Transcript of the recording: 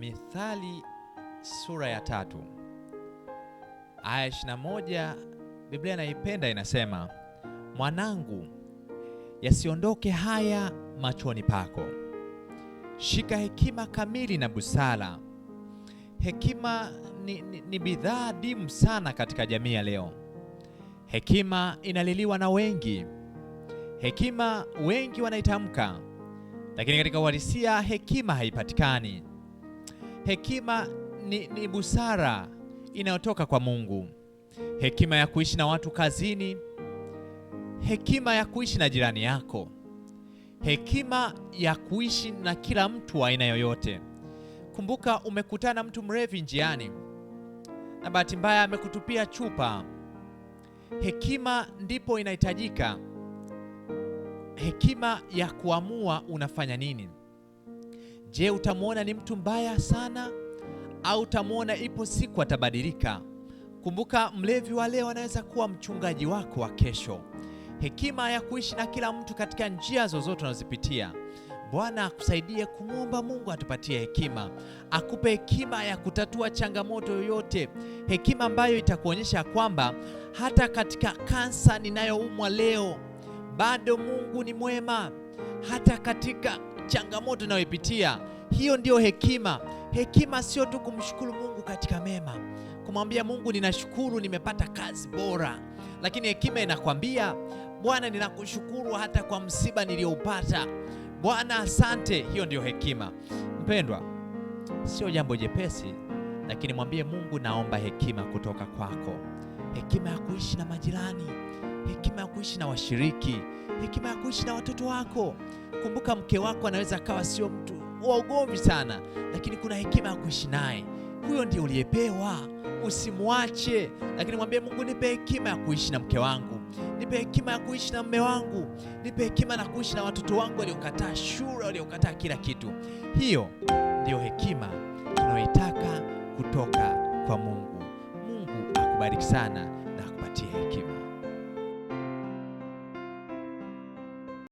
Mithali sura ya tatu aya 21, Biblia naipenda inasema, mwanangu, yasiondoke haya machoni pako, shika hekima kamili na busara. Hekima ni, ni, ni bidhaa adimu sana katika jamii ya leo. Hekima inaliliwa na wengi, hekima wengi wanaitamka, lakini katika uhalisia hekima haipatikani. Hekima ni, ni busara inayotoka kwa Mungu, hekima ya kuishi na watu kazini, hekima ya kuishi na jirani yako, hekima ya kuishi na kila mtu wa aina yoyote. Kumbuka, umekutana na mtu mrevi njiani na bahati mbaya amekutupia chupa. Hekima ndipo inahitajika, hekima ya kuamua unafanya nini. Je, utamwona ni mtu mbaya sana au utamwona ipo siku atabadilika? Kumbuka, mlevi wa leo anaweza kuwa mchungaji wako wa kesho. Hekima ya kuishi na kila mtu katika njia zozote unazozipitia Bwana akusaidie kumwomba Mungu atupatie hekima, akupe hekima ya kutatua changamoto yoyote, hekima ambayo itakuonyesha kwamba hata katika kansa ninayoumwa leo bado Mungu ni mwema, hata katika changamoto unayoipitia. Hiyo ndiyo hekima. Hekima sio tu kumshukuru Mungu katika mema, kumwambia Mungu ninashukuru, nimepata kazi bora, lakini hekima inakwambia Bwana, ninakushukuru hata kwa msiba niliyoupata. Bwana, asante. Hiyo ndiyo hekima. Mpendwa, sio jambo jepesi, lakini mwambie Mungu, naomba hekima kutoka kwako, hekima ya kuishi na majirani hekima ya kuishi na washiriki, hekima ya kuishi na watoto wako. Kumbuka mke wako anaweza akawa sio mtu wa ugomvi sana, lakini kuna hekima ya kuishi naye. Huyo ndiye uliyepewa, usimwache. Lakini mwambie Mungu, nipe hekima ya kuishi na mke wangu, nipe hekima ya kuishi na mme wangu, nipe hekima na kuishi na watoto wangu waliokataa shule, waliokataa kila kitu. Hiyo ndiyo hekima tunayoitaka kutoka kwa Mungu. Mungu akubariki sana.